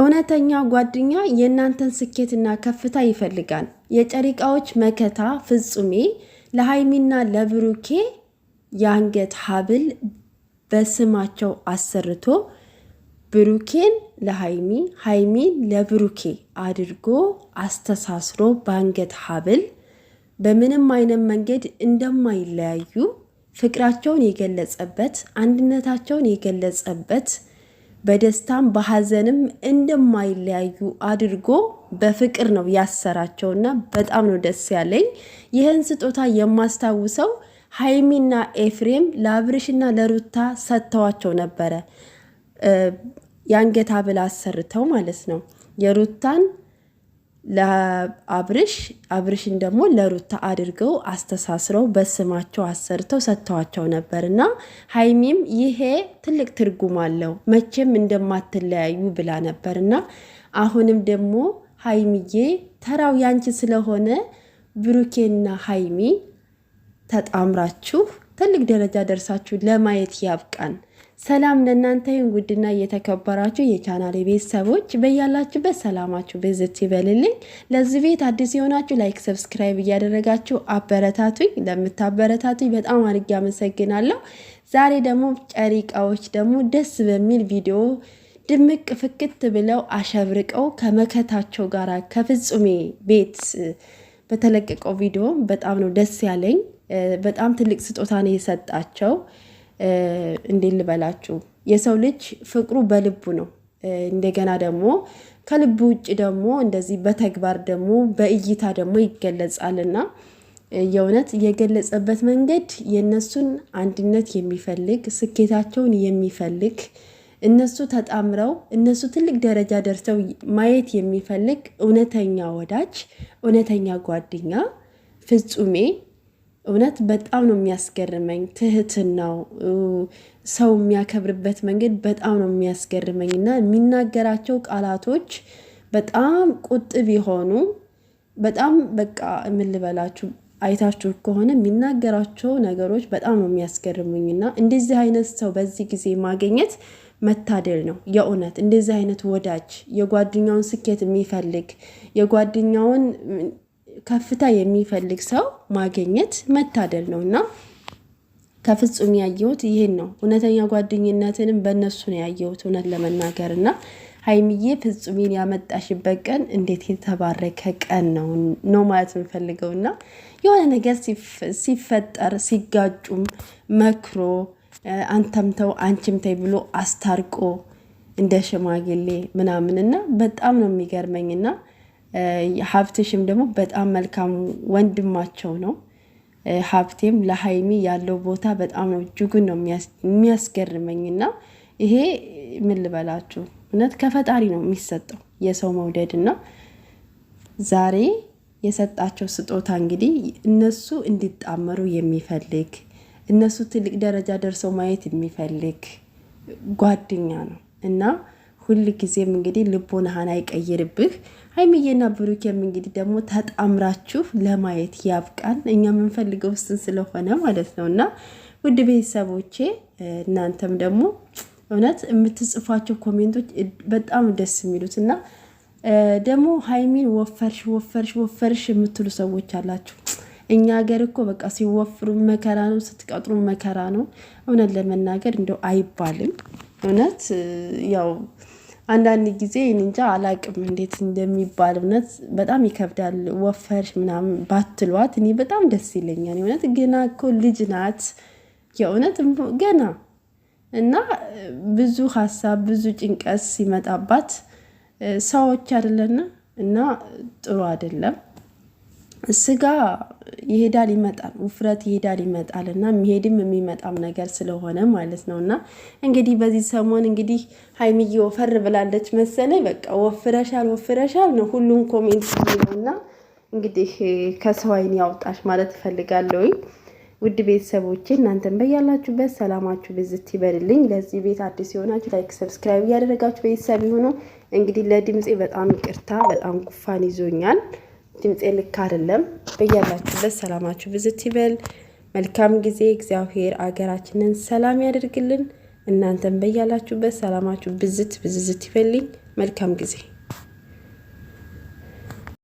እውነተኛ ጓደኛ የእናንተን ስኬትና ከፍታ ይፈልጋል። የጨሪቃዎች መከታ ፍጹሜ ለሀይሚና ለብሩኬ የአንገት ሀብል በስማቸው አሰርቶ ብሩኬን ለሀይሚ ሀይሚን ለብሩኬ አድርጎ አስተሳስሮ በአንገት ሀብል በምንም አይነት መንገድ እንደማይለያዩ ፍቅራቸውን የገለጸበት አንድነታቸውን የገለጸበት በደስታም በሐዘንም እንደማይለያዩ አድርጎ በፍቅር ነው ያሰራቸውና በጣም ነው ደስ ያለኝ። ይህን ስጦታ የማስታውሰው ሀይሚና ኤፍሬም ለአብርሽና ለሩታ ሰጥተዋቸው ነበረ። የአንገት ሐብል አሰርተው ማለት ነው የሩታን ለአብርሽ አብርሽን ደግሞ ለሩታ አድርገው አስተሳስረው በስማቸው አሰርተው ሰጥተዋቸው ነበር እና ሀይሚም ይሄ ትልቅ ትርጉም አለው መቼም እንደማትለያዩ ብላ ነበር እና አሁንም ደግሞ ሀይሚዬ ተራው ያንቺ ስለሆነ ብሩኬና ሀይሚ ተጣምራችሁ ትልቅ ደረጃ ደርሳችሁ ለማየት ያብቃን። ሰላም ለእናንተ ይሁን ውድና እየተከበራችሁ የቻናሌ ቤተሰቦች በያላችሁበት ሰላማችሁ ብዝት ይበልልኝ። ለዚህ ቤት አዲስ የሆናችሁ ላይክ፣ ሰብስክራይብ እያደረጋችሁ አበረታቱኝ። ለምታበረታቱኝ በጣም አድርጌ አመሰግናለሁ። ዛሬ ደግሞ ጨሪቃዎች ደግሞ ደስ በሚል ቪዲዮ ድምቅ ፍክት ብለው አሸብርቀው ከመከታቸው ጋር ከፍጹሜ ቤት በተለቀቀው ቪዲዮ በጣም ነው ደስ ያለኝ። በጣም ትልቅ ስጦታ ነው የሰጣቸው እንዴት ልበላችሁ የሰው ልጅ ፍቅሩ በልቡ ነው። እንደገና ደግሞ ከልቡ ውጭ ደግሞ እንደዚህ በተግባር ደግሞ በእይታ ደግሞ ይገለጻልና የእውነት የገለጸበት መንገድ የእነሱን አንድነት የሚፈልግ ስኬታቸውን የሚፈልግ እነሱ ተጣምረው እነሱ ትልቅ ደረጃ ደርሰው ማየት የሚፈልግ እውነተኛ ወዳጅ፣ እውነተኛ ጓደኛ ፍጹሜ እውነት በጣም ነው የሚያስገርመኝ ትህትናው፣ ሰው የሚያከብርበት መንገድ በጣም ነው የሚያስገርመኝ እና የሚናገራቸው ቃላቶች በጣም ቁጥብ የሆኑ በጣም በቃ ምን አይታችሁ ከሆነ የሚናገራቸው ነገሮች በጣም ነው የሚያስገርሙኝ እና እንደዚህ አይነት ሰው በዚህ ጊዜ ማግኘት መታደል ነው የእውነት። እንደዚህ አይነት ወዳጅ የጓደኛውን ስኬት የሚፈልግ የጓደኛውን ከፍታ የሚፈልግ ሰው ማግኘት መታደል ነው እና ከፍጹም ያየሁት ይህን ነው። እውነተኛ ጓደኝነትንም በእነሱ ነው ያየሁት እውነት ለመናገር እና ሀይሚዬ ፍጹሜን ያመጣሽበት ቀን እንዴት የተባረከ ቀን ነው ነው ማለት የምፈልገው እና የሆነ ነገር ሲፈጠር ሲጋጩም መክሮ አንተም ተው አንቺም ተይ ብሎ አስታርቆ እንደ ሽማግሌ ምናምን እና በጣም ነው የሚገርመኝ እና ሀብትሽም ደግሞ በጣም መልካም ወንድማቸው ነው። ሀብቴም ለሀይሚ ያለው ቦታ በጣም ነው እጅጉን ነው የሚያስገርመኝና ይሄ ምን ልበላችሁ እውነት ከፈጣሪ ነው የሚሰጠው የሰው መውደድና ዛሬ የሰጣቸው ስጦታ እንግዲህ እነሱ እንዲጣመሩ የሚፈልግ እነሱ ትልቅ ደረጃ ደርሰው ማየት የሚፈልግ ጓደኛ ነው እና ሁል ጊዜም እንግዲህ ልቦናህን አይቀይርብህ። ሀይሚዬና ብሩኬም እንግዲህ ደግሞ ተጣምራችሁ ለማየት ያብቃን። እኛ የምንፈልገው ውስጥን ስለሆነ ማለት ነው እና ውድ ቤተሰቦቼ እናንተም ደግሞ እውነት የምትጽፏቸው ኮሜንቶች በጣም ደስ የሚሉት እና ደግሞ ሀይሚን ወፈርሽ ወፈርሽ ወፈርሽ የምትሉ ሰዎች አላችሁ። እኛ ሀገር እኮ በቃ ሲወፍሩ መከራ ነው፣ ስትቀጥሩ መከራ ነው። እውነት ለመናገር እንደው አይባልም እውነት ያው አንዳንድ ጊዜ እንጃ አላቅም እንዴት እንደሚባል እውነት በጣም ይከብዳል። ወፈርሽ ምናምን ባትሏት እኔ በጣም ደስ ይለኛል። እውነት ገና እኮ ልጅ ናት የእውነት ገና እና ብዙ ሀሳብ ብዙ ጭንቀት ሲመጣባት ሰዎች አይደለና እና ጥሩ አይደለም። ስጋ ይሄዳል ይመጣል፣ ውፍረት ይሄዳል ይመጣል እና የሚሄድም የሚመጣም ነገር ስለሆነ ማለት ነው። እና እንግዲህ በዚህ ሰሞን እንግዲህ ሀይሚዬ ወፈር ብላለች መሰለኝ፣ በቃ ወፍረሻል ወፍረሻል ነው ሁሉም ኮሜንት የሚለው እና እንግዲህ ከሰው አይን ያውጣሽ ማለት እፈልጋለሁኝ። ውድ ቤተሰቦቼ እናንተን በያላችሁበት ሰላማችሁ ብዝት ይበልልኝ። ለዚህ ቤት አዲስ የሆናችሁ ላይክ፣ ሰብስክራይብ እያደረጋችሁ ቤተሰብ የሆነው እንግዲህ ለድምፄ በጣም ይቅርታ፣ በጣም ጉፋን ይዞኛል። ድምፄ ልክ አይደለም። በያላችሁበት ሰላማችሁ ብዝት ይበል። መልካም ጊዜ። እግዚአብሔር አገራችንን ሰላም ያደርግልን። እናንተም በያላችሁበት ሰላማችሁ ብዝት ብዝዝት ይበልኝ። መልካም ጊዜ